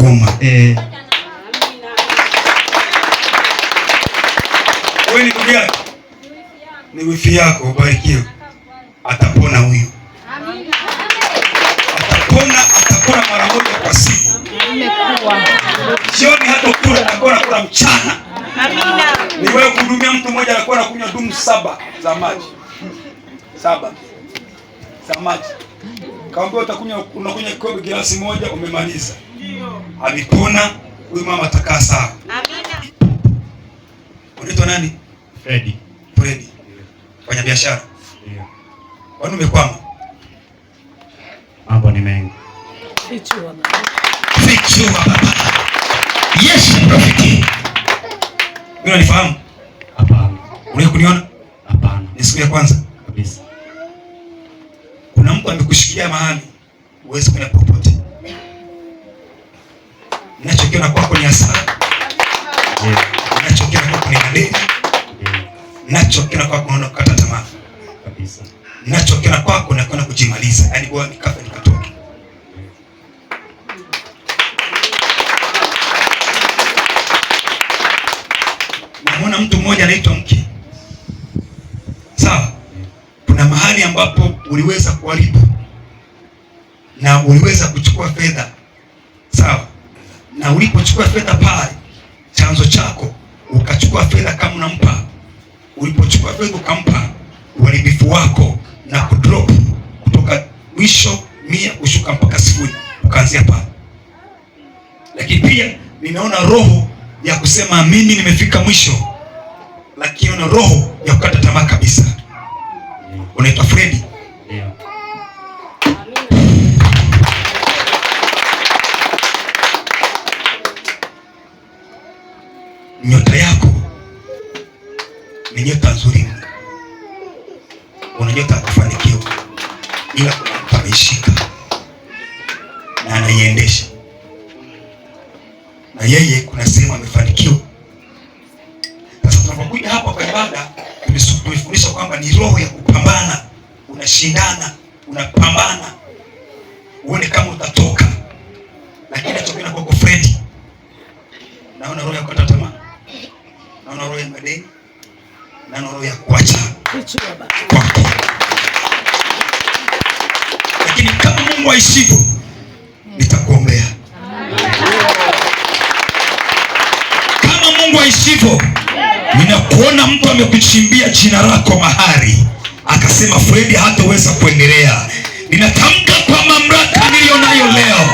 Kagoma. Eh. Wewe ni ndugu yako? Ni wifi yako, ubarikiwe. Atapona huyo. Amina. Atapona, atapona mara moja kwa siku. Amekuwa. Jioni hata kula atakuwa kwa mchana. Amina. Ni wewe kuhudumia mtu mmoja anakuwa anakunywa dumu saba za maji. Saba. Za maji. Kaambia utakunywa unakunywa kikombe, glasi moja umemaliza amepona, huyu mama atakaa sawa. Amina. Unaitwa nani? Freddy. Freddy. Fanya biashara. Ndio. Kwani umekwama? Mambo ni mengi. Fichua baba. Fichua baba. Yes, rafiki. Mimi nanifahamu? Hapana. Unataka kuniona? Hapana. Ni siku ya kwanza kabisa. Kuna mtu amekushikia mahali, Uwezi kwenda popote. Ninachokiona kwako ni hasara. Ninachokiona kwako ni madeni. Ninachokiona kwako ni kukata tamaa. Kabisa. Ninachokiona kwako ni kwenda kujimaliza. Yaani bwana nikafa nikatoke. Naona mtu mmoja anaitwa mke. Sawa? Kuna mahali ambapo uliweza kuharibu na uliweza kuchukua fedha na ulipochukua fedha pale chanzo chako ukachukua fedha kama unampa, ulipochukua fedha ukampa, uharibifu wako na kudrop kutoka mwisho mia kushuka mpaka sifuri, ukaanzia pale. Lakini pia ninaona roho ya kusema mimi nimefika mwisho, lakini na roho ya kukata tamaa kabisa. Unaitwa Fredi nyota yako ni nyota nzuri, una nyota ya kufanikiwa, ila kuna mtu ameishika na anaiendesha, na yeye kuna sehemu amefanikiwa. Sasa tunapokuja hapa kwa ibada, tumefundisha kwamba ni roho ya kupambana, unashindana, unapambana uone kama utatoka, lakini atokea kwako Fredi, naona roho yako Friday na roho ya kuacha kwako, lakini kama Mungu aishivyo, nitakuombea. Kama Mungu aishivyo, ninakuona mtu amekuchimbia jina lako mahali, akasema Fredi hataweza kuendelea. Ninatamka kwa mamlaka niliyo nayo leo,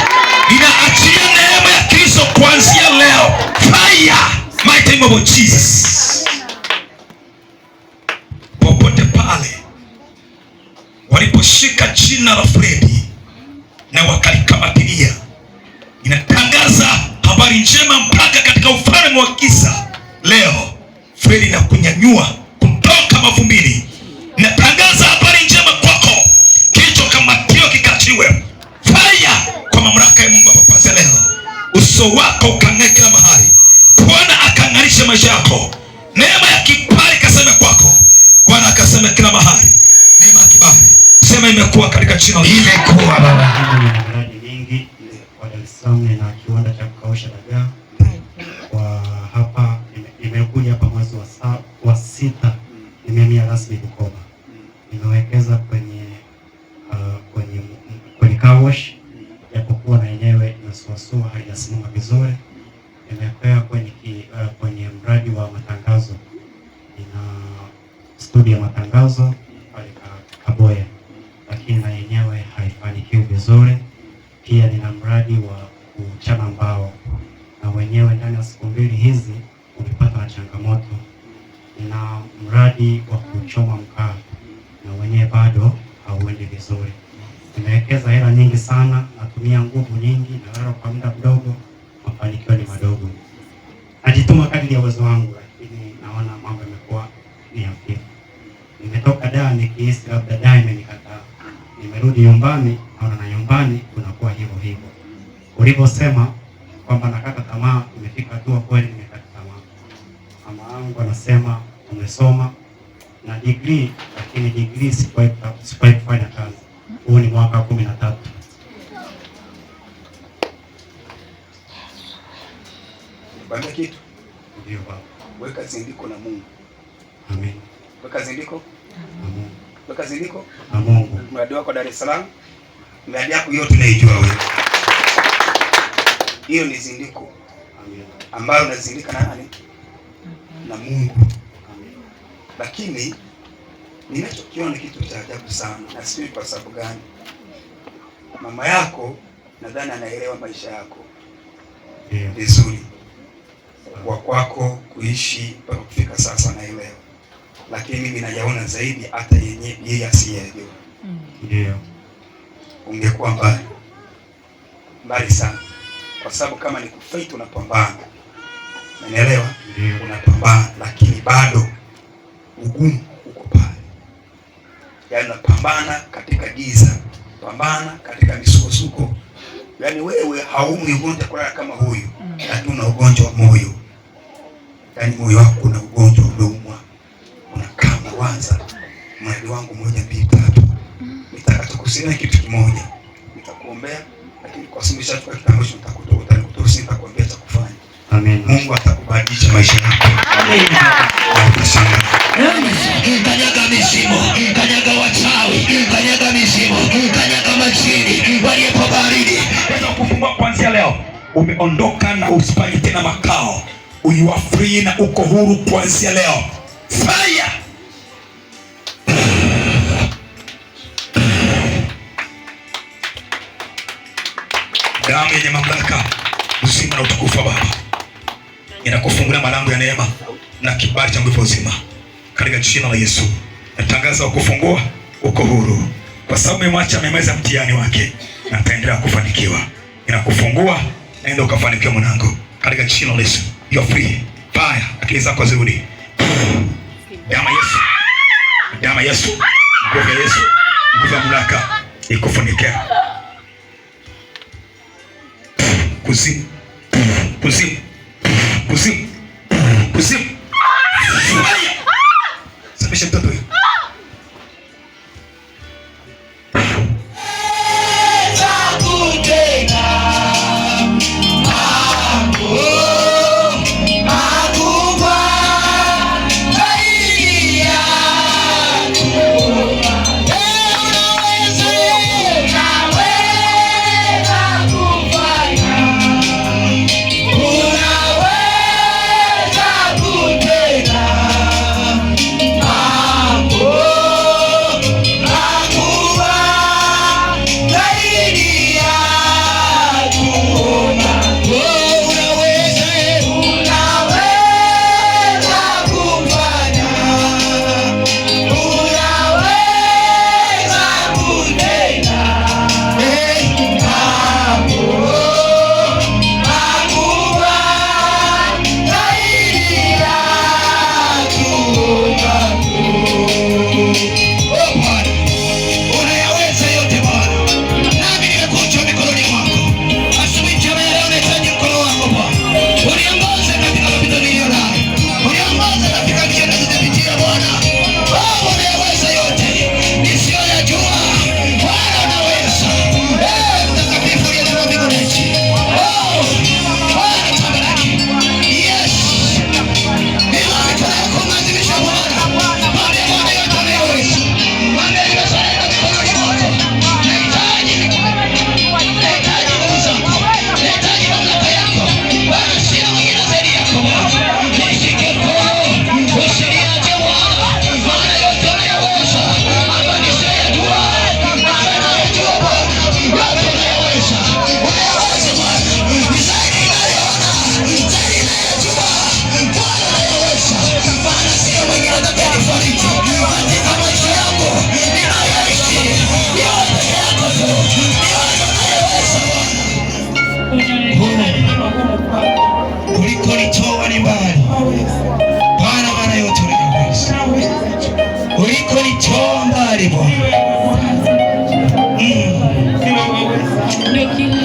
ninaachia neema ya Kristo kuanzia leo, fire mighty name of Jesus waliposhika jina la Fredi na wakalikamatilia, inatangaza habari njema mpaka katika ufalme wa kisa. Leo Fredi na kunyanyua kutoka mavumbini, inatangaza habari njema kwako, kamatio kikachiwe faya kwa mamlaka ya Mungu leo, uso wako hatua katika jina imekuwa Baba. Miradi mingi kwa Dar es Salaam na kiwanda cha kukausha dagaa kwa hapa, nimekuja hapa mwezi wa sita, nimehamia rasmi Bukoba, nimewekeza kwenye uh, kwenye kwenye car wash, japokuwa na yenyewe inasuasua haijasimama vizuri, nimepewa kwenye uh, kwenye mradi wa matangazo, ina studio ya matangazo pale Kaboya. Kinga yenyewe haifanikiwi vizuri. Pia nina mradi wa kuchana mbao na wenyewe ndani ya siku mbili hizi umepata na changamoto, na mradi wa kuchoma mkaa na wenyewe bado hauendi vizuri. Nimewekeza hela nyingi sana, natumia nguvu nyingi, nalala kwa muda mdogo, mafanikio ni madogo. Najituma kadri ya uwezo wangu, lakini naona mambo yamekuwa ni hafifu. Nimetoka daa nikihisi labda unarudi nyumbani, naona na nyumbani kunakuwa hivyo hivyo. Ulivyosema kwamba nakata tamaa, imefika hatua kweli nimekata tamaa. Mama yangu anasema umesoma na degree, lakini degree sikuwahi kufanya kazi. Huu ni mwaka kumi na tatu. kitu ndio baba, weka zindiko na Mungu. Amen, weka zindiko kazi liko na Mungu. Mradi wako Dar es Salaam, miradi yako hiyo tunaijua wewe. Hiyo ni zindiko ambayo unazindika na nani? Na Mungu. Lakini ninachokiona kitu cha ajabu sana, na sijui kwa sababu gani. Mama yako nadhani anaelewa maisha yako vizuri, yeah. kwa kwako kuishi mpaka kufika sasa, naelewa lakini mimi najaona zaidi hata yeye asiyejua. Ndio. Ungekuwa mbali mbali sana, kwa sababu kama ni kufaiti unapambana, unaelewa? Ndio. Unapambana lakini bado ugumu uko pale, yaani unapambana katika giza, pambana katika misukosuko, yaani wewe haumi ugonjwa kwa kama huyu, lakini mm. una ugonjwa wa moyo, yaani moyo wako una ugonjwa mwali wangu moja mbili tatu, nitaka tukusema kitu kimoja, nitakuombea lakini kwa simu zetu kwa kitambo hicho nitakutoa, nitakutoa, nitakwambia cha kufanya. Amen. Mungu atakubadilisha maisha yako. Amen. Kanyaga mizimu, kanyaga wachawi, kanyaga mizimu, kanyaga majini, waliopo baridi. Naweza kufungua kuanzia leo. Umeondoka na usipanye tena makao. You free na uko huru kuanzia leo. Fire! damu yenye mamlaka, uzima na utukufu wa Baba inakufungulia malango ya neema na kibali cha nguvu uzima, katika jina la Yesu natangaza wakufungua, uko huru, kwa sababu umemwacha amemaliza mtihani wake na ataendelea kufanikiwa. Inakufungua, naenda ukafanikiwa mwanangu, katika jina la Yesu you are free. Fire, akili zako zirudi. Damu ya Yesu, damu ya Yesu, nguvu ya Yesu, nguvu ya mamlaka ikufunikia kwụsị kwụsị chomba alipo mm.